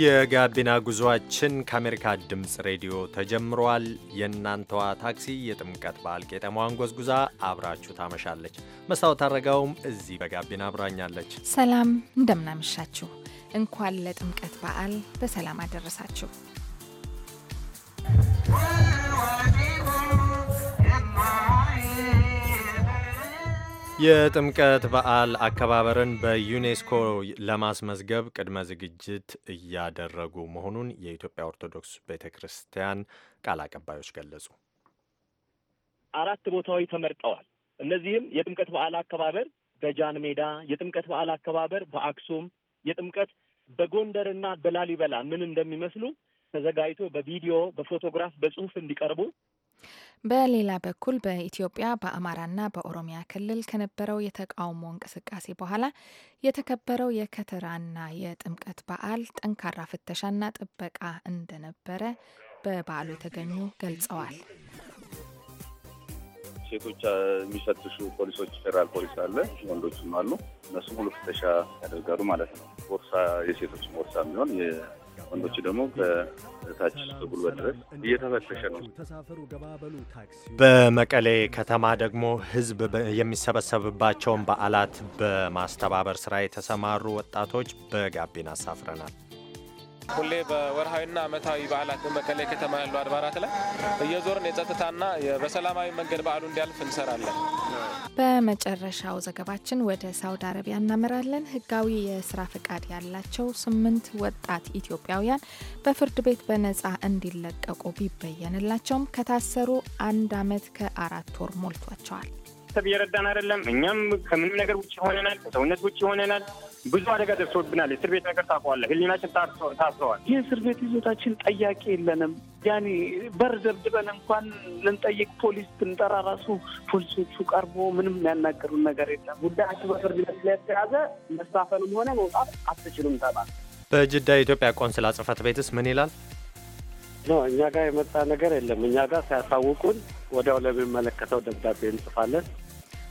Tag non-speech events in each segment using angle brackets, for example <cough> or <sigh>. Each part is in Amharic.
የጋቢና ጉዞአችን ከአሜሪካ ድምፅ ሬዲዮ ተጀምሯል። የእናንተዋ ታክሲ የጥምቀት በዓል ቄጠማዋን ጎዝጉዛ አብራችሁ ታመሻለች። መስታወት አረጋውም እዚህ በጋቢና አብራኛለች። ሰላም እንደምናመሻችሁ። እንኳን ለጥምቀት በዓል በሰላም አደረሳችሁ። የጥምቀት በዓል አከባበርን በዩኔስኮ ለማስመዝገብ ቅድመ ዝግጅት እያደረጉ መሆኑን የኢትዮጵያ ኦርቶዶክስ ቤተ ክርስቲያን ቃል አቀባዮች ገለጹ። አራት ቦታዎች ተመርጠዋል። እነዚህም የጥምቀት በዓል አከባበር በጃን ሜዳ፣ የጥምቀት በዓል አከባበር በአክሱም፣ የጥምቀት በጎንደርና በላሊበላ ምን እንደሚመስሉ ተዘጋጅቶ በቪዲዮ በፎቶግራፍ በጽሁፍ እንዲቀርቡ በሌላ በኩል በኢትዮጵያ በአማራና በኦሮሚያ ክልል ከነበረው የተቃውሞ እንቅስቃሴ በኋላ የተከበረው የከተራና የጥምቀት በዓል ጠንካራ ፍተሻና ጥበቃ እንደነበረ በበዓሉ የተገኙ ገልጸዋል። ሴቶች የሚፈትሹ ፖሊሶች ፌዴራል ፖሊስ አለ፣ ወንዶችም አሉ። እነሱ ሙሉ ፍተሻ ያደርጋሉ ማለት ነው። ቦርሳ የሴቶች ቦርሳ የሚሆን ወንዶች ደግሞ በታች በጉልበት ድረስ እየተፈተሸ ነው። በመቀሌ ከተማ ደግሞ ህዝብ የሚሰበሰብባቸውን በዓላት በማስተባበር ስራ የተሰማሩ ወጣቶች በጋቢና አሳፍረናል። ሁሌ በወርሃዊና ዓመታዊ በዓላት በመቀሌ ከተማ ያሉ አድባራት ላይ እየዞርን የጸጥታና በሰላማዊ መንገድ በዓሉ እንዲያልፍ እንሰራለን። በመጨረሻው ዘገባችን ወደ ሳውዲ አረቢያ እናመራለን። ህጋዊ የስራ ፈቃድ ያላቸው ስምንት ወጣት ኢትዮጵያውያን በፍርድ ቤት በነጻ እንዲለቀቁ ቢበየንላቸውም ከታሰሩ አንድ አመት ከአራት ወር ሞልቷቸዋል። ቤተሰብ እየረዳን አይደለም። እኛም ከምንም ነገር ውጭ ሆነናል። ከሰውነት ውጭ ሆነናል። ብዙ አደጋ ደርሶብናል። እስር ቤት ነገር ታውቀዋለህ። ህሊናችን ታስረዋል። ይህ እስር ቤት ይዞታችን ጠያቂ የለንም። ያኔ በር ዘብድበን እንኳን ልንጠይቅ ፖሊስ ብንጠራ ራሱ ፖሊሶቹ ቀርቦ ምንም የሚያናገሩን ነገር የለም። ጉዳያችን በፍርድ ቤት ስለተያዘ መሳፈንም ሆነ መውጣት አትችሉም ተባል። በጅዳ የኢትዮጵያ ቆንስላ ጽህፈት ቤትስ ምን ይላል? ኖ እኛ ጋር የመጣ ነገር የለም። እኛ ጋር ሲያሳውቁን ወዲያው ለሚመለከተው ደብዳቤ እንጽፋለን።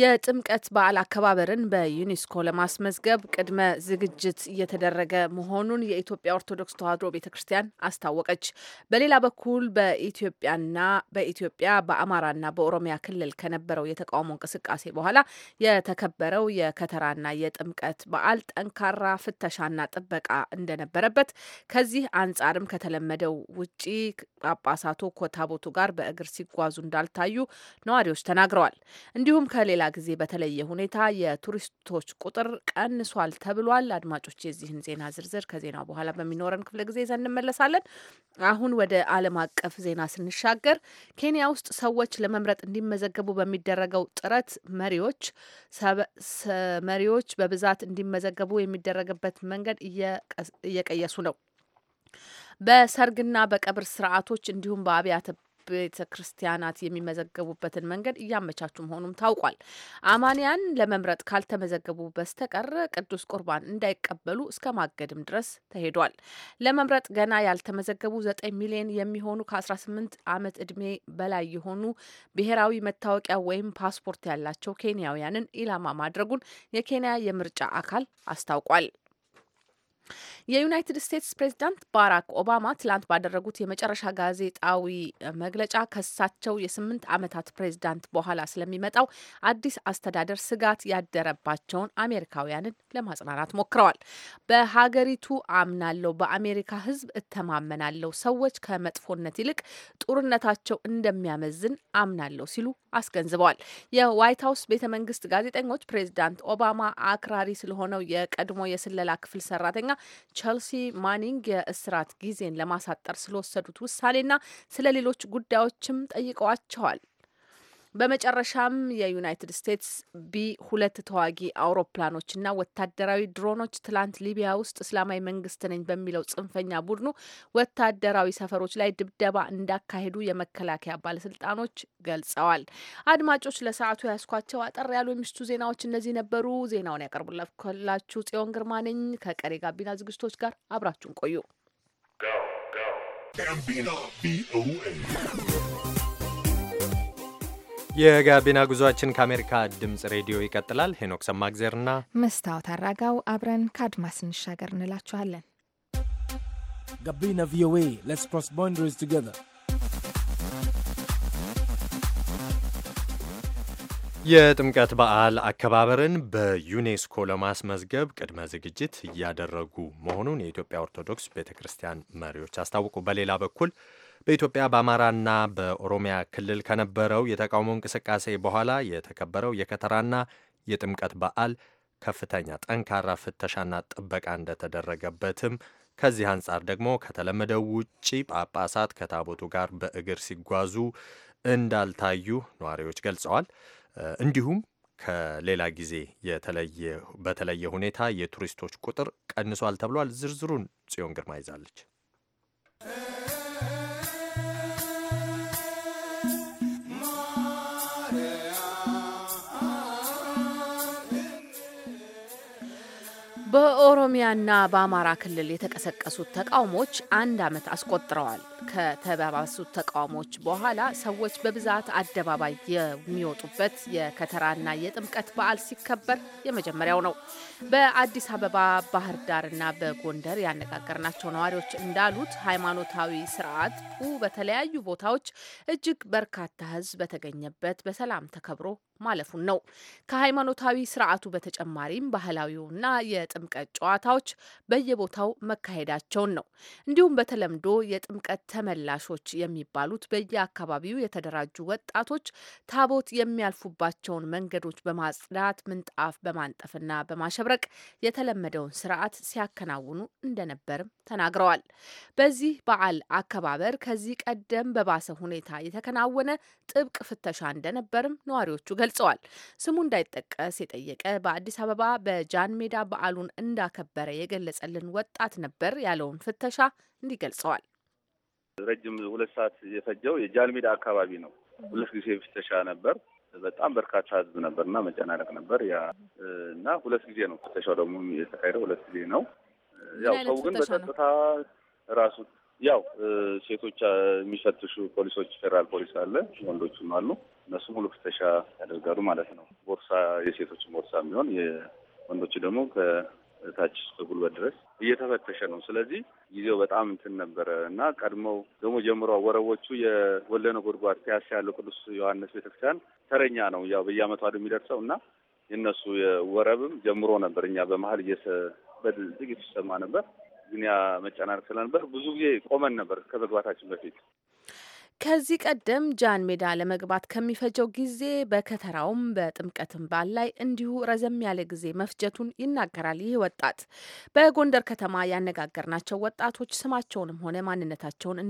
የጥምቀት በዓል አከባበርን በዩኔስኮ ለማስመዝገብ ቅድመ ዝግጅት እየተደረገ መሆኑን የኢትዮጵያ ኦርቶዶክስ ተዋሕዶ ቤተ ክርስቲያን አስታወቀች። በሌላ በኩል በኢትዮጵያና በኢትዮጵያ በአማራና በኦሮሚያ ክልል ከነበረው የተቃውሞ እንቅስቃሴ በኋላ የተከበረው የከተራና የጥምቀት በዓል ጠንካራ ፍተሻና ጥበቃ እንደነበረበት ከዚህ አንጻርም ከተለመደው ውጪ ጳጳሳቱ ኮታቦቱ ጋር በእግር ሲጓዙ እንዳልታዩ ነዋሪዎች ተናግረዋል። እንዲሁም ከሌላ ከሌላ ጊዜ በተለየ ሁኔታ የቱሪስቶች ቁጥር ቀንሷል ተብሏል። አድማጮች የዚህን ዜና ዝርዝር ከዜናው በኋላ በሚኖረን ክፍለ ጊዜ ይዘን እንመለሳለን። አሁን ወደ ዓለም አቀፍ ዜና ስንሻገር ኬንያ ውስጥ ሰዎች ለመምረጥ እንዲመዘገቡ በሚደረገው ጥረት መሪዎች መሪዎች በብዛት እንዲመዘገቡ የሚደረግበት መንገድ እየቀየሱ ነው። በሰርግና በቀብር ስርዓቶች እንዲሁም በአብያተ ቤተ ክርስቲያናት የሚመዘገቡበትን መንገድ እያመቻቹ መሆኑም ታውቋል። አማንያን ለመምረጥ ካልተመዘገቡ በስተቀር ቅዱስ ቁርባን እንዳይቀበሉ እስከ ማገድም ድረስ ተሄዷል። ለመምረጥ ገና ያልተመዘገቡ ዘጠኝ ሚሊዮን የሚሆኑ ከ18 ዓመት እድሜ በላይ የሆኑ ብሔራዊ መታወቂያ ወይም ፓስፖርት ያላቸው ኬንያውያንን ኢላማ ማድረጉን የኬንያ የምርጫ አካል አስታውቋል። የዩናይትድ ስቴትስ ፕሬዚዳንት ባራክ ኦባማ ትላንት ባደረጉት የመጨረሻ ጋዜጣዊ መግለጫ ከሳቸው የስምንት ዓመታት ፕሬዚዳንት በኋላ ስለሚመጣው አዲስ አስተዳደር ስጋት ያደረባቸውን አሜሪካውያንን ለማጽናናት ሞክረዋል። በሀገሪቱ አምናለሁ፣ በአሜሪካ ሕዝብ እተማመናለሁ፣ ሰዎች ከመጥፎነት ይልቅ ጦርነታቸው እንደሚያመዝን አምናለሁ ሲሉ አስገንዝበዋል። የዋይት ሀውስ ቤተ መንግስት ጋዜጠኞች ፕሬዚዳንት ኦባማ አክራሪ ስለሆነው የቀድሞ የስለላ ክፍል ሰራተኛ ቸልሲ ማኒንግ የእስራት ጊዜን ለማሳጠር ስለወሰዱት ውሳኔና ስለ ሌሎች ጉዳዮችም ጠይቀዋቸዋል። በመጨረሻም የዩናይትድ ስቴትስ ቢ ሁለት ተዋጊ አውሮፕላኖችና ወታደራዊ ድሮኖች ትላንት ሊቢያ ውስጥ እስላማዊ መንግስት ነኝ በሚለው ጽንፈኛ ቡድኑ ወታደራዊ ሰፈሮች ላይ ድብደባ እንዳካሄዱ የመከላከያ ባለስልጣኖች ገልጸዋል። አድማጮች ለሰዓቱ ያስኳቸው አጠር ያሉ የምሽቱ ዜናዎች እነዚህ ነበሩ። ዜናውን ያቀርቡላችሁ ጽዮን ግርማ ነኝ። ከቀሪ ጋቢና ዝግጅቶች ጋር አብራችሁን ቆዩ። የጋቢና ጉዟችን ከአሜሪካ ድምፅ ሬዲዮ ይቀጥላል። ሄኖክ ሰማግዜርና መስታወት አራጋው አብረን ከአድማስ እንሻገር እንላችኋለን። ጋቢና ቪኦኤ ሌትስ ክሮስ ቦንደሪስ ቱጌዘር የጥምቀት በዓል አከባበርን በዩኔስኮ ለማስመዝገብ ቅድመ ዝግጅት እያደረጉ መሆኑን የኢትዮጵያ ኦርቶዶክስ ቤተ ክርስቲያን መሪዎች አስታወቁ። በሌላ በኩል በኢትዮጵያ በአማራና በኦሮሚያ ክልል ከነበረው የተቃውሞ እንቅስቃሴ በኋላ የተከበረው የከተራና የጥምቀት በዓል ከፍተኛ ጠንካራ ፍተሻና ጥበቃ እንደተደረገበትም ከዚህ አንጻር ደግሞ ከተለመደው ውጪ ጳጳሳት ከታቦቱ ጋር በእግር ሲጓዙ እንዳልታዩ ነዋሪዎች ገልጸዋል። እንዲሁም ከሌላ ጊዜ በተለየ ሁኔታ የቱሪስቶች ቁጥር ቀንሷል ተብሏል። ዝርዝሩን ጽዮን ግርማ ይዛለች። በኦሮሚያና በአማራ ክልል የተቀሰቀሱት ተቃውሞዎች አንድ ዓመት አስቆጥረዋል። ከተባባሱት ተቃውሞዎች በኋላ ሰዎች በብዛት አደባባይ የሚወጡበት የከተራና የጥምቀት በዓል ሲከበር የመጀመሪያው ነው። በአዲስ አበባ፣ ባህር ዳርና በጎንደር ያነጋገርናቸው ነዋሪዎች እንዳሉት ሃይማኖታዊ ስርዓቱ በተለያዩ ቦታዎች እጅግ በርካታ ሕዝብ በተገኘበት በሰላም ተከብሮ ማለፉን ነው። ከሃይማኖታዊ ስርዓቱ በተጨማሪም ባህላዊውና የጥምቀት ጨዋታዎች በየቦታው መካሄዳቸውን ነው። እንዲሁም በተለምዶ የጥምቀት ተመላሾች የሚባሉት በየአካባቢው የተደራጁ ወጣቶች ታቦት የሚያልፉባቸውን መንገዶች በማጽዳት ምንጣፍ በማንጠፍና በማሸብረቅ የተለመደውን ስርዓት ሲያከናውኑ እንደነበርም ተናግረዋል። በዚህ በዓል አከባበር ከዚህ ቀደም በባሰ ሁኔታ የተከናወነ ጥብቅ ፍተሻ እንደነበርም ነዋሪዎቹ ገልጸዋል። ስሙ እንዳይጠቀስ የጠየቀ በአዲስ አበባ በጃን ሜዳ በዓሉን እንዳከበረ የገለጸልን ወጣት ነበር ያለውን ፍተሻ እንዲህ ገልጸዋል። ረጅም ሁለት ሰዓት የፈጀው የጃልሜዳ አካባቢ ነው። ሁለት ጊዜ ፍተሻ ነበር። በጣም በርካታ ህዝብ ነበር እና መጨናነቅ ነበር ያ እና ሁለት ጊዜ ነው ፍተሻው ደግሞ የተካሄደው ሁለት ጊዜ ነው። ያው ሰው ግን በጸጥታ ራሱ ያው ሴቶች የሚፈትሹ ፖሊሶች ፌዴራል ፖሊስ አለ፣ ወንዶችም አሉ። እነሱ ሙሉ ፍተሻ ያደርጋሉ ማለት ነው። ቦርሳ የሴቶችን ቦርሳ የሚሆን የወንዶች ደግሞ ታች ጉልበት ድረስ እየተፈተሸ ነው። ስለዚህ ጊዜው በጣም እንትን ነበረ እና ቀድሞው ደግሞ ጀምሮ ወረቦቹ የወለነ ጎድጓድ ፒያሳ ያለው ቅዱስ ዮሐንስ ቤተክርስቲያን ተረኛ ነው ያው በየአመቱ አዱ የሚደርሰው እና የእነሱ የወረብም ጀምሮ ነበር። እኛ በመሀል እየሰበድል ጥቂት ይሰማ ነበር፣ ግን ያ መጨናነቅ ስለነበር ብዙ ጊዜ ቆመን ነበር ከመግባታችን በፊት ከዚህ ቀደም ጃን ሜዳ ለመግባት ከሚፈጀው ጊዜ በከተራውም በጥምቀትም በዓል ላይ እንዲሁ ረዘም ያለ ጊዜ መፍጀቱን ይናገራል። ይህ ወጣት በጎንደር ከተማ ያነጋገርናቸው ወጣቶች ስማቸውንም ሆነ ማንነታቸውን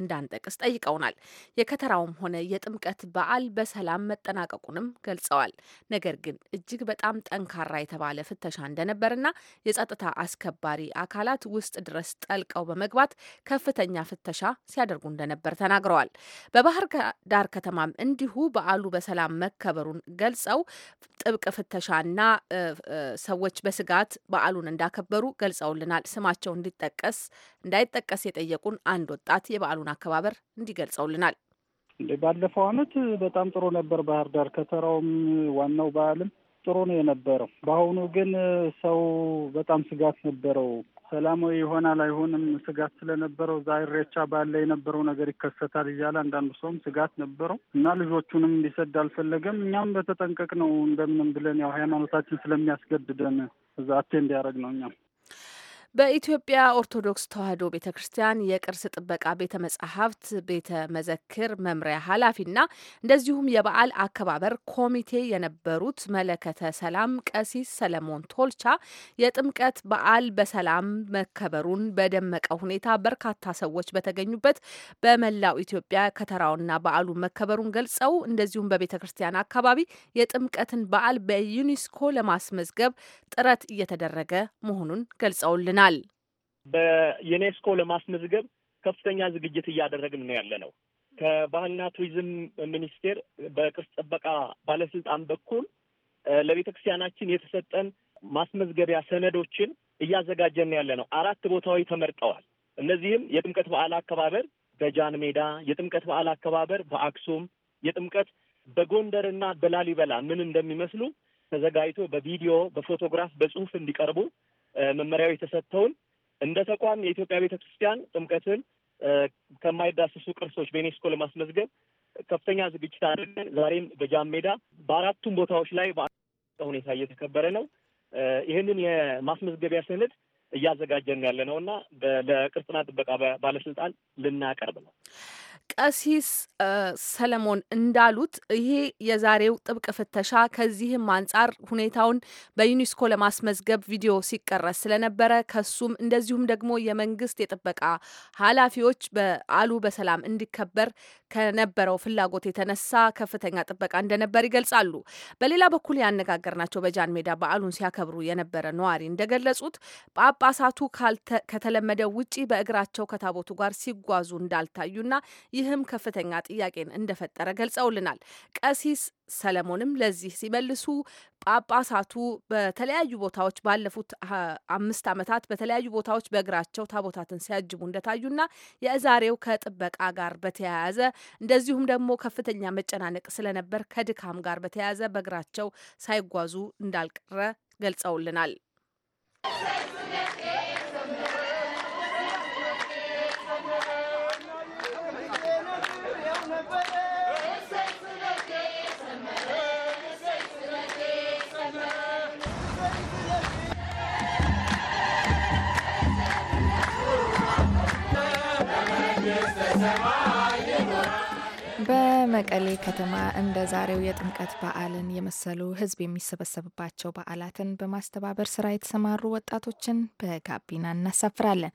እንዳንጠቅስ ጠይቀውናል። የከተራውም ሆነ የጥምቀት በዓል በሰላም መጠናቀቁንም ገልጸዋል። ነገር ግን እጅግ በጣም ጠንካራ የተባለ ፍተሻ እንደነበርና የጸጥታ አስከባሪ አካላት ውስጥ ድረስ ጠልቀው በመግባት ከፍተኛ ፍተሻ ሲያደርጉ እንደነበር ተናግረዋል። ገልጸዋል። በባህር ዳር ከተማም እንዲሁ በዓሉ በሰላም መከበሩን ገልጸው ጥብቅ ፍተሻና ሰዎች በስጋት በዓሉን እንዳከበሩ ገልጸውልናል። ስማቸው እንዲጠቀስ እንዳይጠቀስ የጠየቁን አንድ ወጣት የበዓሉን አከባበር እንዲገልጸውልናል። ባለፈው አመት በጣም ጥሩ ነበር። ባህር ዳር ከተራውም ዋናው በዓልም ጥሩ ነው የነበረው። በአሁኑ ግን ሰው በጣም ስጋት ነበረው። ሰላማዊ ይሆናል አይሆንም ስጋት ስለነበረው እዛ ኢሬቻ በዓል ላይ የነበረው ነገር ይከሰታል እያለ አንዳንዱ ሰውም ስጋት ነበረው እና ልጆቹንም እንዲሰድ አልፈለገም። እኛም በተጠንቀቅ ነው እንደምንም ብለን ያው ሃይማኖታችን ስለሚያስገድደን እዛ አቴንድ ያደረግ ነው እኛም በኢትዮጵያ ኦርቶዶክስ ተዋሕዶ ቤተ ክርስቲያን የቅርስ ጥበቃ ቤተ መጻሕፍት ቤተ መዘክር መምሪያ ኃላፊና እንደዚሁም የበዓል አከባበር ኮሚቴ የነበሩት መለከተ ሰላም ቀሲስ ሰለሞን ቶልቻ የጥምቀት በዓል በሰላም መከበሩን በደመቀ ሁኔታ በርካታ ሰዎች በተገኙበት በመላው ኢትዮጵያ ከተራውና በዓሉ መከበሩን ገልጸው እንደዚሁም በቤተ ክርስቲያን አካባቢ የጥምቀትን በዓል በዩኒስኮ ለማስመዝገብ ጥረት እየተደረገ መሆኑን ገልጸውልናል። ይሆናል። በዩኔስኮ ለማስመዝገብ ከፍተኛ ዝግጅት እያደረግን ነው ያለ ነው። ከባህልና ቱሪዝም ሚኒስቴር በቅርስ ጥበቃ ባለስልጣን በኩል ለቤተ ክርስቲያናችን የተሰጠን ማስመዝገቢያ ሰነዶችን እያዘጋጀን ያለ ነው። አራት ቦታዎች ተመርጠዋል። እነዚህም የጥምቀት በዓል አከባበር በጃን ሜዳ፣ የጥምቀት በዓል አከባበር በአክሱም፣ የጥምቀት በጎንደርና በላሊበላ ምን እንደሚመስሉ ተዘጋጅቶ በቪዲዮ በፎቶግራፍ በጽሁፍ እንዲቀርቡ መመሪያዎች የተሰጥተውን እንደ ተቋም የኢትዮጵያ ቤተክርስቲያን ጥምቀትን ከማይዳሰሱ ቅርሶች በዩኔስኮ ለማስመዝገብ ከፍተኛ ዝግጅት አድርገን ዛሬም በጃም ሜዳ በአራቱም ቦታዎች ላይ ሁኔታ እየተከበረ ነው። ይህንን የማስመዝገቢያ ሰነድ እያዘጋጀን ያለ ነው እና ለቅርጽና ጥበቃ ባለስልጣን ልናቀርብ ነው። ቀሲስ ሰለሞን እንዳሉት ይሄ የዛሬው ጥብቅ ፍተሻ ከዚህም አንጻር ሁኔታውን በዩኒስኮ ለማስመዝገብ ቪዲዮ ሲቀረስ ስለነበረ ከሱም እንደዚሁም ደግሞ የመንግስት የጥበቃ ኃላፊዎች በዓሉ በሰላም እንዲከበር ከነበረው ፍላጎት የተነሳ ከፍተኛ ጥበቃ እንደነበር ይገልጻሉ። በሌላ በኩል ያነጋገር ናቸው በጃን ሜዳ በዓሉን ሲያከብሩ የነበረ ነዋሪ እንደገለጹት ጳጳሳቱ ከተለመደ ውጪ በእግራቸው ከታቦቱ ጋር ሲጓዙ እንዳልታዩና ይህም ከፍተኛ ጥያቄን እንደፈጠረ ገልጸውልናል። ቀሲስ ሰለሞንም ለዚህ ሲመልሱ ጳጳሳቱ በተለያዩ ቦታዎች ባለፉት አምስት ዓመታት በተለያዩ ቦታዎች በእግራቸው ታቦታትን ሲያጅቡ እንደታዩና የዛሬው ከጥበቃ ጋር በተያያዘ እንደዚሁም ደግሞ ከፍተኛ መጨናነቅ ስለነበር ከድካም ጋር በተያያዘ በእግራቸው ሳይጓዙ እንዳልቀረ ገልጸውልናል። በመቀሌ ከተማ እንደ ዛሬው የጥምቀት በዓልን የመሰሉ ሕዝብ የሚሰበሰብባቸው በዓላትን በማስተባበር ስራ የተሰማሩ ወጣቶችን በጋቢና እናሳፍራለን።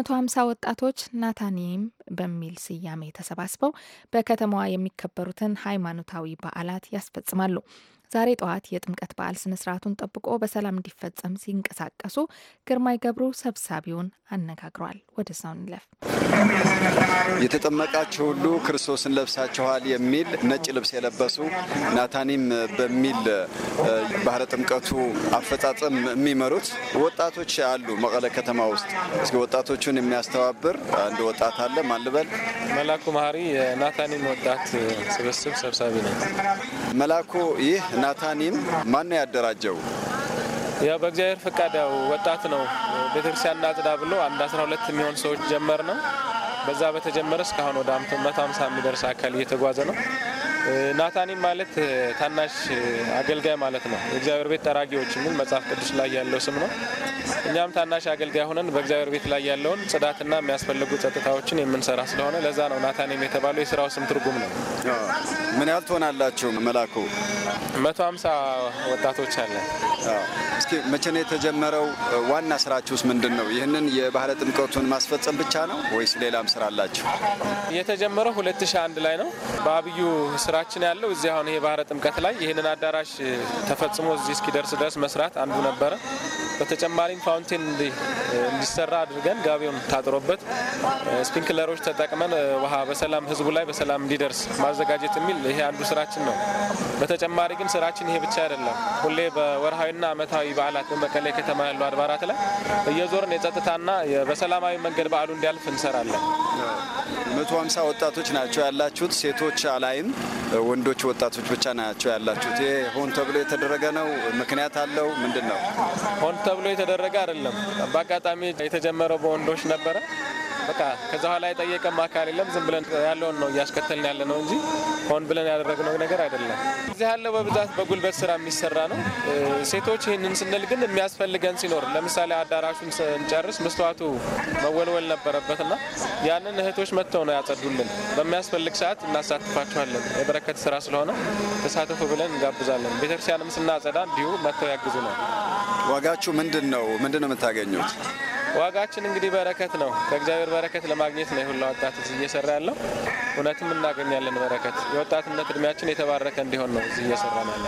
150 ወጣቶች ናታኒም በሚል ስያሜ ተሰባስበው በከተማዋ የሚከበሩትን ሃይማኖታዊ በዓላት ያስፈጽማሉ። ዛሬ ጠዋት የጥምቀት በዓል ስነ ስርዓቱን ጠብቆ በሰላም እንዲፈጸም ሲንቀሳቀሱ ግርማይ ገብሩ ሰብሳቢውን አነጋግሯል። ወደ እዛው እንለፍ። የተጠመቃችሁ ሁሉ ክርስቶስን ለብሳችኋል የሚል ነጭ ልብስ የለበሱ ናታኒም በሚል ባህረ ጥምቀቱ አፈጻጸም የሚመሩት ወጣቶች አሉ። መቀለ ከተማ ውስጥ እስኪ ወጣቶቹን የሚያስተባብር አንድ ወጣት አለ። ማን ልበል? መላኩ መሀሪ የናታኒም ወጣት ስብስብ ሰብሳቢ ነው። መላኩ ይህ ናታኒም ማን ነው ያደራጀው? ያው በእግዚአብሔር ፈቃድ ያው ወጣት ነው ቤተክርስቲያን እናጽዳ ብሎ አንድ አስራ ሁለት የሚሆን ሰዎች ጀመር ነው። በዛ በተጀመረ እስካሁን ወደ መቶ ሀምሳ የሚደርስ አካል እየተጓዘ ነው። ናታኒም ማለት ታናሽ አገልጋይ ማለት ነው። የእግዚአብሔር ቤት ጠራጊዎች የሚል መጽሐፍ ቅዱስ ላይ ያለው ስም ነው። እኛም ታናሽ አገልጋይ ሆነን በእግዚአብሔር ቤት ላይ ያለውን ጽዳትና የሚያስፈልጉ ጸጥታዎችን የምንሰራ ስለሆነ ለዛ ነው ናታኒም የተባለው የስራው ስም ትርጉም ነው። ምን ያህል ትሆናላችሁ? መላኩ መቶ ሀምሳ ወጣቶች አለን። እስኪ መቼ ነው የተጀመረው? ዋና ስራችሁስ ምንድን ነው? ይህንን የባህለ ጥምቀቱን ማስፈጸም ብቻ ነው ወይስ ሌላም ስራ አላችሁ? የተጀመረው ሁለት ሺህ አንድ ላይ ነው በአብዩ ስራ ስራችን ያለው እዚህ አሁን ይሄ ባህረ ጥምቀት ላይ ይህንን አዳራሽ ተፈጽሞ እዚህ እስኪደርስ ድረስ መስራት አንዱ ነበረ። በተጨማሪም ፋውንቴን እንዲሰራ አድርገን ጋቢውን ታጥሮበት ስፒንክለሮች ተጠቅመን ውሃ በሰላም ህዝቡ ላይ በሰላም እንዲደርስ ማዘጋጀት የሚል ይሄ አንዱ ስራችን ነው። በተጨማሪ ግን ስራችን ይሄ ብቻ አይደለም። ሁሌ በወርሃዊና ዓመታዊ በዓላት በመቀሌ ከተማ ያሉ አድባራት ላይ እየዞርን የጸጥታና በሰላማዊ መንገድ በዓሉ እንዲያልፍ እንሰራለን። 150 ወጣቶች ናቸው ያላችሁት። ሴቶች አላይም፣ ወንዶች ወጣቶች ብቻ ናቸው ያላችሁት። ይሄ ሆን ተብሎ የተደረገ ነው? ምክንያት አለው? ምንድን ነው? ሆን ተብሎ የተደረገ አይደለም። በአጋጣሚ የተጀመረው በወንዶች ነበረ በቃ ከዛ ኋላ የጠየቀም አካል የለም። ዝም ብለን ያለውን ነው እያስከተልን ያለ ነው እንጂ ሆን ብለን ያደረግነው ነገር አይደለም። እዚህ ያለው በብዛት በጉልበት ስራ የሚሰራ ነው። ሴቶች ይህንን ስንል ግን የሚያስፈልገን ሲኖር ለምሳሌ አዳራሹን ስንጨርስ መስተዋቱ መወልወል ነበረበትና ያንን እህቶች መጥተው ነው ያጸዱልን። በሚያስፈልግ ሰዓት እናሳትፋቸዋለን። የበረከት ስራ ስለሆነ ተሳተፉ ብለን እንጋብዛለን። ቤተክርስቲያንም ስናጸዳ እንዲሁ መጥተው ያግዙ ነው። ዋጋችሁ ምንድን ነው? ምንድን ነው የምታገኙት? ዋጋችን እንግዲህ በረከት ነው። ከእግዚአብሔር በረከት ለማግኘት ነው የሁላ ወጣት እዚህ እየሰራ ያለው። እውነትም እናገኛለን በረከት። የወጣትነት እድሜያችን የተባረከ እንዲሆን ነው እዚህ እየሰራ ያለ።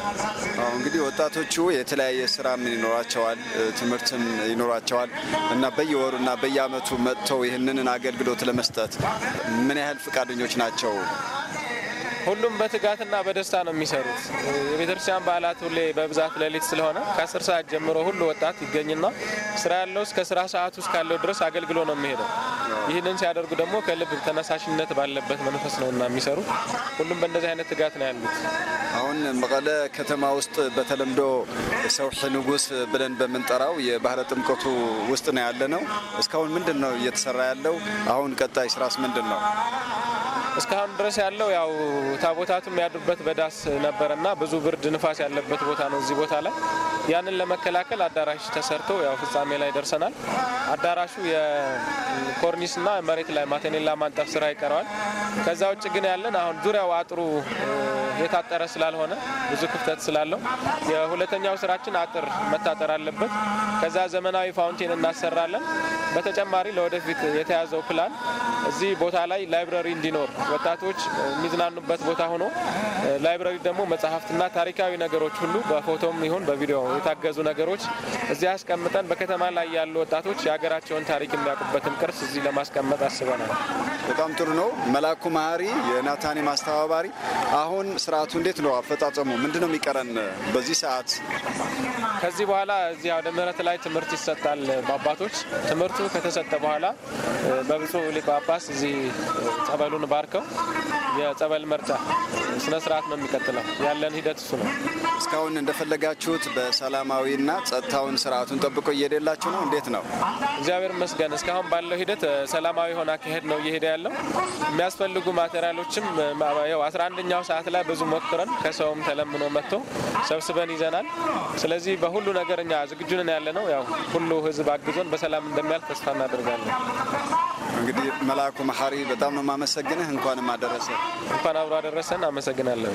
እንግዲህ ወጣቶቹ የተለያየ ስራ ምን ይኖራቸዋል፣ ትምህርትም ይኖራቸዋል እና በየወሩ እና በየአመቱ መጥተው ይህንን አገልግሎት ለመስጠት ምን ያህል ፈቃደኞች ናቸው? ሁሉም በትጋትና በደስታ ነው የሚሰሩት። የቤተክርስቲያን በዓላት ሁሌ በብዛት ሌሊት ስለሆነ ከአስር ሰዓት ጀምሮ ሁሉ ወጣት ይገኝና ስራ ያለው እስከ ስራ ሰዓት ውስጥ ካለው ድረስ አገልግሎ ነው የሚሄደው። ይህንን ሲያደርጉ ደግሞ ከልብ ተነሳሽነት ባለበት መንፈስ ነውና የሚሰሩ ሁሉም በእንደዚህ አይነት ትጋት ነው ያሉት። አሁን መቀለ ከተማ ውስጥ በተለምዶ ሰውሕ ንጉስ ብለን በምንጠራው የባህረ ጥምቀቱ ውስጥ ነው ያለ ነው። እስካሁን ምንድን ነው እየተሰራ ያለው? አሁን ቀጣይ ስራስ ምንድን ነው? እስካሁን ድረስ ያለው ያው ታቦታቱ የሚያድሩበት በዳስ ነበረና ብዙ ብርድ ንፋስ ያለበት ቦታ ነው። እዚህ ቦታ ላይ ያንን ለመከላከል አዳራሽ ተሰርቶ ያው ፍጻሜ ላይ ደርሰናል። አዳራሹ የኮርኒስና መሬት ላይ ማቴኔላ ማንጠፍ ስራ ይቀረዋል። ከዛ ውጭ ግን ያለን አሁን ዙሪያው አጥሩ የታጠረ ስላልሆነ ብዙ ክፍተት ስላለው የሁለተኛው ስራችን አጥር መታጠር አለበት። ከዛ ዘመናዊ ፋውንቴን እናሰራለን። በተጨማሪ ለወደፊት የተያዘው ፕላን እዚህ ቦታ ላይ ላይብረሪ እንዲኖር ወጣቶች የሚዝናኑበት ቦታ ሆኖ ላይብረሪ ደግሞ መጽሐፍትና ታሪካዊ ነገሮች ሁሉ በፎቶም ይሁን በቪዲዮ የታገዙ ነገሮች እዚህ አስቀምጠን በከተማ ላይ ያሉ ወጣቶች የሀገራቸውን ታሪክ የሚያውቁበትን ቅርስ እዚህ ለማስቀመጥ አስበናል። በጣም ጥሩ ነው። መላኩ መሀሪ የናታኔ ማስተባባሪ አሁን ስርዓቱ እንዴት ነው አፈጻጸሙ? ምንድን ነው የሚቀረን በዚህ ሰዓት? ከዚህ በኋላ እዚህ አውደ ምሕረት ላይ ትምህርት ይሰጣል። በአባቶች ትምህርቱ ከተሰጠ በኋላ በብፁዕ ሊቀ ጳጳስ እዚህ ጸበሉን ባርከው የጸበል መርጫ ስነ ስርዓት ነው የሚቀጥለው። ያለን ሂደት እሱ ነው። እስካሁን እንደፈለጋችሁት በሰላማዊና ጸጥታውን ስርዓቱን ጠብቆ እየሄደላችሁ ነው? እንዴት ነው? እግዚአብሔር ይመስገን እስካሁን ባለው ሂደት ሰላማዊ የሆነ አካሄድ ነው እየሄደ ያለው። የሚያስፈልጉ ማቴሪያሎችም ያው አስራ አንደኛው ሰዓት ላይ ብዙ ሞክረን ከሰውም ተለምኖ መጥቶ ሰብስበን ይዘናል። ስለዚህ በሁሉ ነገር እኛ ዝግጁ ያለ ነው። ያው ሁሉ ህዝብ አግዞን በሰላም እንደሚያልፍ ተስፋ እናደርጋለን። እንግዲህ መልአኩ መሐሪ በጣም ነው የማመሰግንህ። እንኳንም አደረሰ። እንኳን አብሮ አደረሰን። አመሰግናለሁ።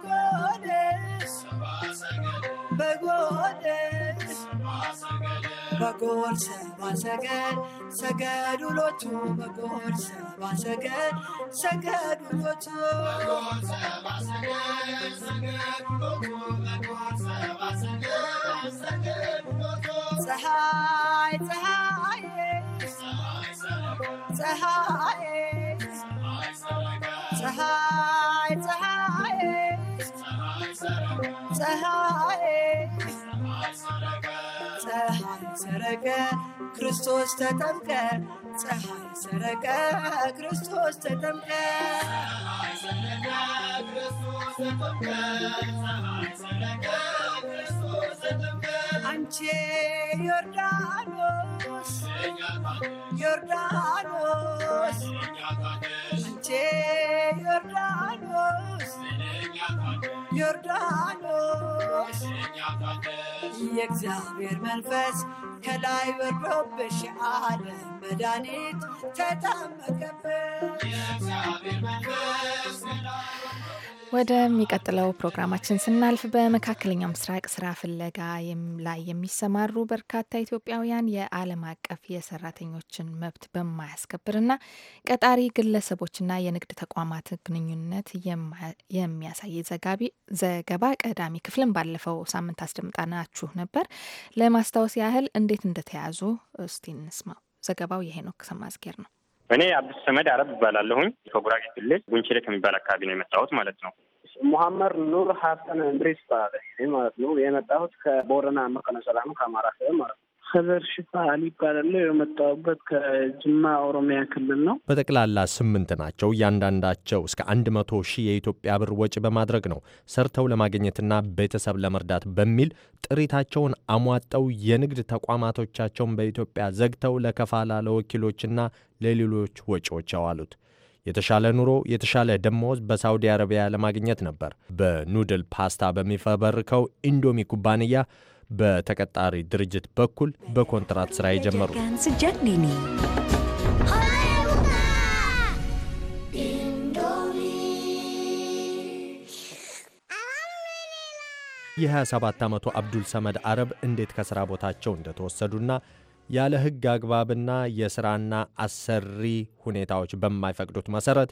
በጎደስ በጎደስ በጎል ሰባ ሰገል ሰገዱሎቹ በጎል ሰባ ሰገል ሰገዱሎቹ ክርስቶስ ተጠምቀ ፀሐይ ሰረቀ ክርስቶስ ተጠምቀ አንቺ ዮርዳኖስ ዮርዳኖስ ዮርዳኖስ የእግዚአብሔር መንፈስ ከላይ ወርዶብሽ አለ መድኃኒት ተጣመቀበት ወደሚቀጥለው ፕሮግራማችን ስናልፍ በመካከለኛው ምስራቅ ስራ ፍለጋ ላይ የሚሰማሩ በርካታ ኢትዮጵያውያን የዓለም አቀፍ የሰራተኞችን መብት በማያስከብርና ቀጣሪ ግለሰቦችና የንግድ ተቋማት ግንኙነት የሚያሳይ ዘገባ ቀዳሚ ክፍልን ባለፈው ሳምንት አስደምጣናችሁ ነበር። ለማስታወስ ያህል እንዴት እንደተያዙ እስቲ እንስማው። ዘገባው የሄኖክ ሰማዝጌር ነው። እኔ አብዱስ ሰመድ አረብ እባላለሁኝ ከጉራጌ ክልል ጉንችሌ ከሚባል አካባቢ ነው የመጣሁት ማለት ነው። ሙሐመድ ኑር ሀሰን እንድሪስ ይባላል ማለት ነው። የመጣሁት ከቦረና መቀነ ሰላም ከአማራ ክልል ማለት ነው። ሰበር አሊ ይባላል። የመጣሁበት ከጅማ ኦሮሚያ ክልል ነው። በጠቅላላ ስምንት ናቸው። እያንዳንዳቸው እስከ አንድ መቶ ሺህ የኢትዮጵያ ብር ወጪ በማድረግ ነው ሰርተው ለማግኘትና ቤተሰብ ለመርዳት በሚል ጥሪታቸውን አሟጠው የንግድ ተቋማቶቻቸውን በኢትዮጵያ ዘግተው ለከፋላ ለወኪሎችና ለሌሎች ወጪዎች ያዋሉት። የተሻለ ኑሮ፣ የተሻለ ደሞዝ በሳውዲ አረቢያ ለማግኘት ነበር በኑድል ፓስታ በሚፈበርከው ኢንዶሚ ኩባንያ በተቀጣሪ ድርጅት በኩል በኮንትራት ስራ የጀመሩ የ27 ዓመቱ አብዱል ሰመድ አረብ እንዴት ከሥራ ቦታቸው እንደተወሰዱና ያለ ሕግ አግባብና የሥራና አሰሪ ሁኔታዎች በማይፈቅዱት መሠረት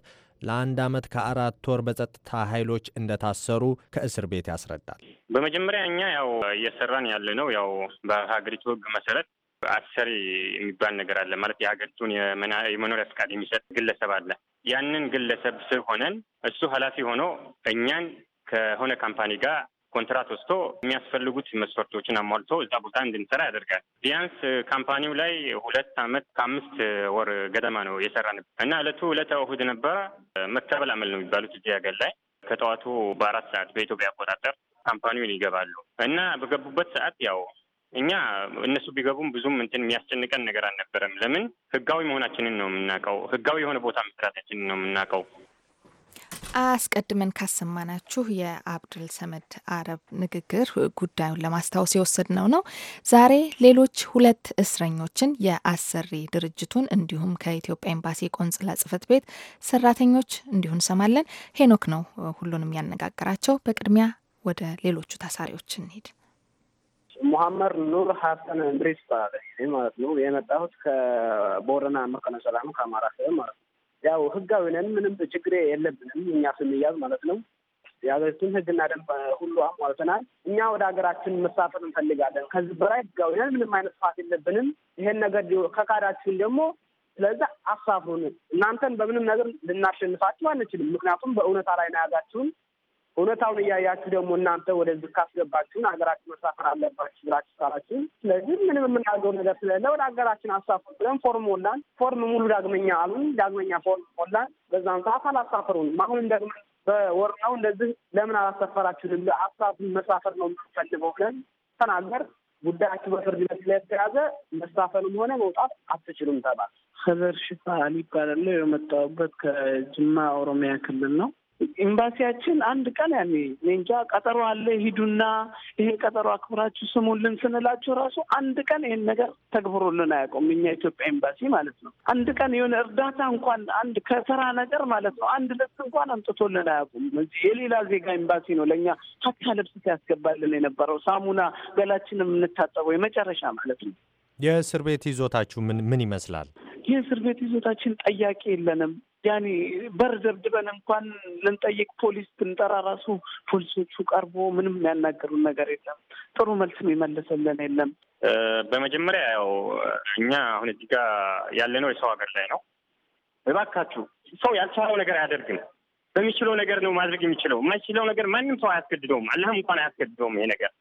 ለአንድ ዓመት ከአራት ወር በጸጥታ ኃይሎች እንደታሰሩ ከእስር ቤት ያስረዳል። በመጀመሪያ እኛ ያው እየሰራን ያለ ነው ያው በሀገሪቱ ሕግ መሰረት አሰሪ የሚባል ነገር አለ ማለት የሀገሪቱን የመኖሪያ ፍቃድ የሚሰጥ ግለሰብ አለ። ያንን ግለሰብ ስር ሆነን እሱ ኃላፊ ሆኖ እኛን ከሆነ ካምፓኒ ጋር ኮንትራት ወስዶ የሚያስፈልጉት መስፈርቶችን አሟልቶ እዛ ቦታ እንድንሰራ ያደርጋል። ቢያንስ ካምፓኒው ላይ ሁለት ዓመት ከአምስት ወር ገደማ ነው የሰራ ነበር እና እለቱ ለት እሑድ ነበረ። መተበል አመል ነው የሚባሉት እዚህ ሀገር ላይ ከጠዋቱ በአራት ሰዓት በኢትዮጵያ አቆጣጠር ካምፓኒውን ይገባሉ እና በገቡበት ሰዓት ያው እኛ እነሱ ቢገቡም ብዙም እንትን የሚያስጨንቀን ነገር አልነበረም። ለምን ህጋዊ መሆናችንን ነው የምናውቀው። ህጋዊ የሆነ ቦታ መስራታችንን ነው የምናውቀው። አስቀድመን ካሰማናችሁ የአብዱል ሰመድ አረብ ንግግር ጉዳዩን ለማስታወስ የወሰድነው ነው። ዛሬ ሌሎች ሁለት እስረኞችን የአሰሪ ድርጅቱን እንዲሁም ከኢትዮጵያ ኤምባሲ ቆንጽላ ጽሕፈት ቤት ሰራተኞች እንዲሁ እንሰማለን። ሄኖክ ነው ሁሉንም ያነጋገራቸው። በቅድሚያ ወደ ሌሎቹ ታሳሪዎች እንሄድ። ሙሐመድ ኑር ሀሰን እንድሪስ ማለት ነው። የመጣሁት ከቦረና መቀነሰላም ከአማራ ማለት ነው ያው ህጋዊ ነን፣ ምንም ችግር የለብንም። እኛ ስንያዝ ማለት ነው የሀገሪቱን ህግና ደንብ ሁሉ አሟልተናል። እኛ ወደ ሀገራችን መሳፈር እንፈልጋለን። ከዚህ በላይ ህጋዊ ነን፣ ምንም አይነት ጥፋት የለብንም። ይሄን ነገር ከካዳችን ደግሞ ስለዚህ አሳፍሩን። እናንተን በምንም ነገር ልናሸንፋችሁ አንችልም። ምክንያቱም በእውነታ ላይ ነው ያጋችሁን እውነታውን እያያችሁ ደግሞ እናንተ ወደዚህ ካስገባችሁን ሀገራችን መሳፈር አለባችሁ ብላችሁ ካላችሁ፣ ስለዚህ ምንም የምናገው ነገር ስለሌለ ወደ ሀገራችን አሳፍሩ ብለን ፎርም ሞላን። ፎርም ሙሉ ዳግመኛ አሉን። ዳግመኛ ፎርም ሞላን። በዛም ሰዓት አላሳፈሩንም። አሁን ደግሞ በወር ነው እንደዚህ ለምን አላሳፈራችሁንም? አስራቱን መሳፈር ነው የምንፈልገው ብለን ተናገር። ጉዳያችሁ በፍርድ ቤት ስለተያዘ መሳፈርም ሆነ መውጣት አትችሉም ተባል። ኸዘር ሽፋ ይባላል። የመጣሁበት ከጅማ ኦሮሚያ ክልል ነው። ኤምባሲያችን አንድ ቀን ያኔ እንጃ ቀጠሮ አለ ሂዱና ይሄ ቀጠሮ አክብራችሁ ስሙልን ስንላችሁ ራሱ አንድ ቀን ይሄን ነገር ተግብሮልን አያውቁም። እኛ ኢትዮጵያ ኤምባሲ ማለት ነው። አንድ ቀን የሆነ እርዳታ እንኳን አንድ ከስራ ነገር ማለት ነው አንድ ልብስ እንኳን አምጥቶልን አያውቁም። እዚህ የሌላ ዜጋ ኤምባሲ ነው ለእኛ ሀታ ልብስ ሲያስገባልን የነበረው ሳሙና፣ ገላችን የምንታጠበው የመጨረሻ ማለት ነው። የእስር ቤት ይዞታችሁ ምን ምን ይመስላል? የእስር ቤት ይዞታችን ጠያቂ የለንም። ያኔ በር ዘብድበን እንኳን ልንጠይቅ ፖሊስ ብንጠራ ራሱ ፖሊሶቹ ቀርቦ ምንም የሚያናገሩን ነገር የለም። ጥሩ መልስም ይመልሰልን የለም። በመጀመሪያ ያው እኛ አሁን እዚህ ጋር ያለነው የሰው ሀገር ላይ ነው። እባካችሁ ሰው ያልቻለው ነገር አያደርግም። በሚችለው ነገር ነው ማድረግ የሚችለው። የማይችለው ነገር ማንም ሰው አያስገድደውም፣ አላህም እንኳን አያስገድደውም ይሄ ነገር።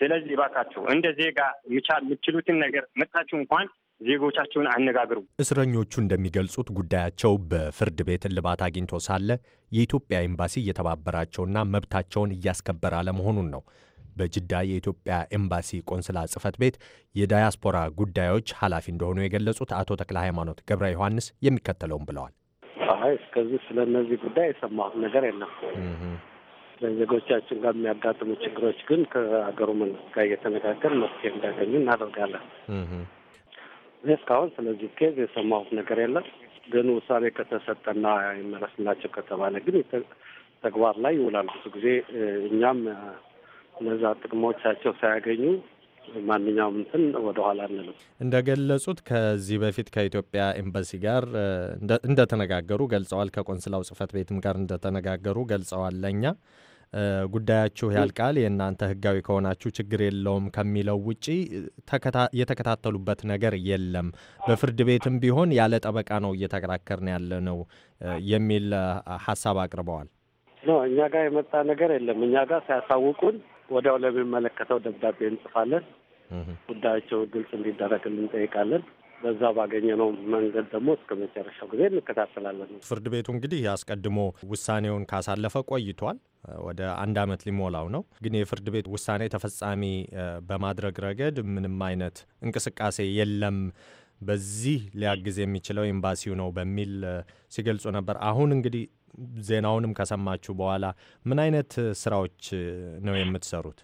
ስለዚህ እባካችሁ እንደ ዜጋ የምችሉትን ነገር መጥታችሁ እንኳን ዜጎቻቸውን አነጋግሩ። እስረኞቹ እንደሚገልጹት ጉዳያቸው በፍርድ ቤት እልባት አግኝቶ ሳለ የኢትዮጵያ ኤምባሲ እየተባበራቸውና መብታቸውን እያስከበረ አለመሆኑን ነው። በጅዳ የኢትዮጵያ ኤምባሲ ቆንስላ ጽህፈት ቤት የዳያስፖራ ጉዳዮች ኃላፊ እንደሆኑ የገለጹት አቶ ተክለ ሃይማኖት ገብረ ዮሐንስ የሚከተለውም ብለዋል። አይ እስከዚህ ስለ እነዚህ ጉዳይ የሰማሁት ነገር የለም። ለዜጎቻችን ጋር የሚያጋጥሙ ችግሮች ግን ከሀገሩ መንግስት ጋር እየተነጋገር መፍትሄ እንዳገኙ እናደርጋለን። እኔ እስካሁን ስለዚህ ኬዝ የሰማሁት ነገር የለም። ግን ውሳኔ ከተሰጠና ይመለስላቸው ከተባለ ግን ተግባር ላይ ይውላል። ብዙ ጊዜ እኛም እነዛ ጥቅሞቻቸው ሳያገኙ ማንኛውም እንትን ወደኋላ አንልም። እንደገለጹት ከዚህ በፊት ከኢትዮጵያ ኤምባሲ ጋር እንደተነጋገሩ ገልጸዋል። ከቆንስላው ጽሕፈት ቤትም ጋር እንደተነጋገሩ ገልጸዋል ለእኛ ጉዳያችሁ ያልቃል፣ የእናንተ ህጋዊ ከሆናችሁ ችግር የለውም ከሚለው ውጪ የተከታተሉበት ነገር የለም። በፍርድ ቤትም ቢሆን ያለ ጠበቃ ነው እየተከራከርን ያለ ነው የሚል ሀሳብ አቅርበዋል። እኛ ጋር የመጣ ነገር የለም። እኛ ጋር ሲያሳውቁን ወዲያው ለሚመለከተው ደብዳቤ እንጽፋለን። ጉዳያቸው ግልጽ እንዲደረግልን እንጠይቃለን። በዛ ባገኘነው መንገድ ደግሞ እስከ መጨረሻው ጊዜ እንከታተላለን። ፍርድ ቤቱ እንግዲህ አስቀድሞ ውሳኔውን ካሳለፈ ቆይቷል። ወደ አንድ ዓመት ሊሞላው ነው። ግን የፍርድ ቤት ውሳኔ ተፈጻሚ በማድረግ ረገድ ምንም አይነት እንቅስቃሴ የለም በዚህ ሊያግዝ የሚችለው ኤምባሲው ነው በሚል ሲገልጹ ነበር። አሁን እንግዲህ ዜናውንም ከሰማችሁ በኋላ ምን አይነት ስራዎች ነው የምትሰሩት?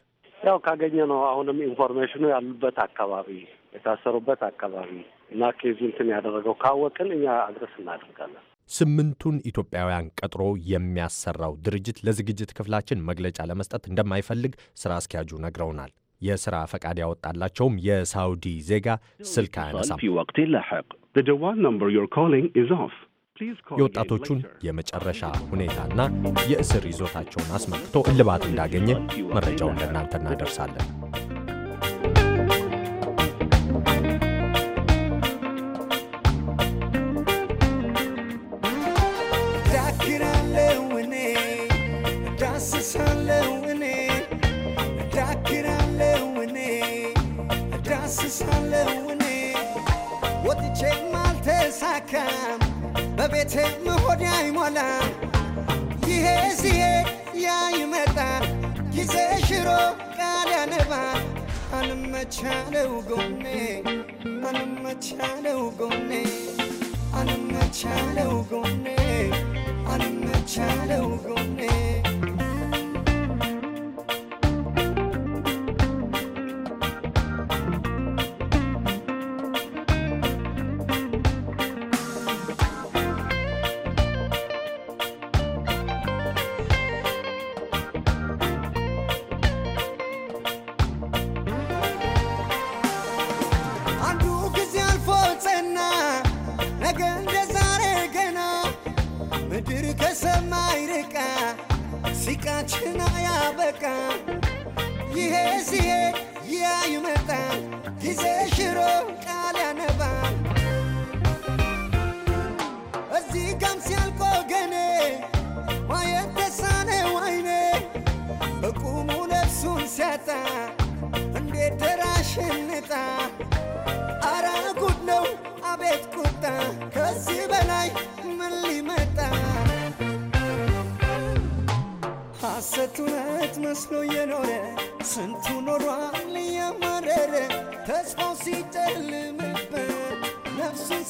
ያው ካገኘ ነው አሁንም ኢንፎርሜሽኑ ያሉበት አካባቢ የታሰሩበት አካባቢ እና ከዚህ እንትን ያደረገው ካወቅን እኛ አድረስ እናደርጋለን። ስምንቱን ኢትዮጵያውያን ቀጥሮ የሚያሰራው ድርጅት ለዝግጅት ክፍላችን መግለጫ ለመስጠት እንደማይፈልግ ስራ አስኪያጁ ነግረውናል። የስራ ፈቃድ ያወጣላቸውም የሳውዲ ዜጋ ስልክ አያነሳም። የወጣቶቹን የመጨረሻ ሁኔታና የእስር ይዞታቸውን አስመልክቶ እልባት እንዳገኘ መረጃውን ለእናንተ እናደርሳለን።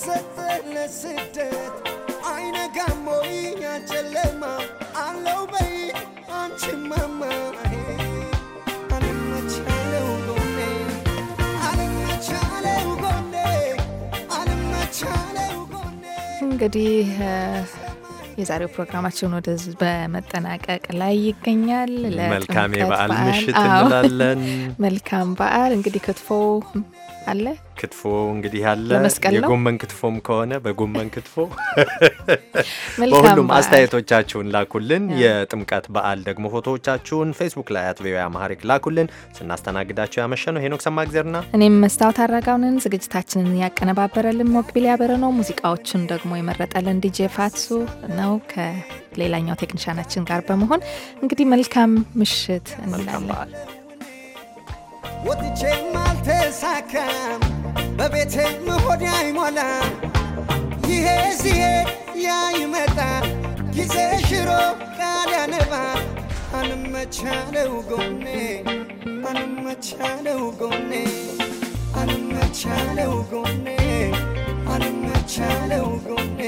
ሰጠን ለስደት አይነጋም ወይ ጨለማ አለው በይ አንችማማ አልመቻለው እንግዲህ የዛሬው ፕሮግራማችን ወደ በመጠናቀቅ ላይ ይገኛል። መልካም የበዓል ምሽት እንላለን። <laughs> መልካም በዓል። እንግዲህ ክትፎ አለ ክትፎ እንግዲህ ያለ የጎመን ክትፎም ከሆነ በጎመን ክትፎ <laughs> በሁሉም አስተያየቶቻችሁን ላኩልን። የጥምቀት በዓል ደግሞ ፎቶዎቻችሁን ፌስቡክ ላይ አት ቪኦኤ አማሪክ ላኩልን። ስናስተናግዳቸው ያመሸ ነው ሄኖክ ሰማእግዜርና እኔም መስታወት አረጋውንን። ዝግጅታችንን ያቀነባበረልን ሞክቢል ያበረ ነው። ሙዚቃዎቹን ደግሞ የመረጠልን ዲጄ ፋትሱ ነው ከሌላኛው ቴክኒሻናችን ጋር በመሆን እንግዲህ መልካም ምሽት እንላለን። ወጥቼም አልተሳካም በቤቴ መሆድ አይሞላ ይሄ ሲሄድ ይመጣ ጊዜ ሽሮ ቃል ያነባ አንመቻለው ጎኔ አንመቻለው ጎኔ አንመቻለው ጎኔ አንመቻለው ጎኔ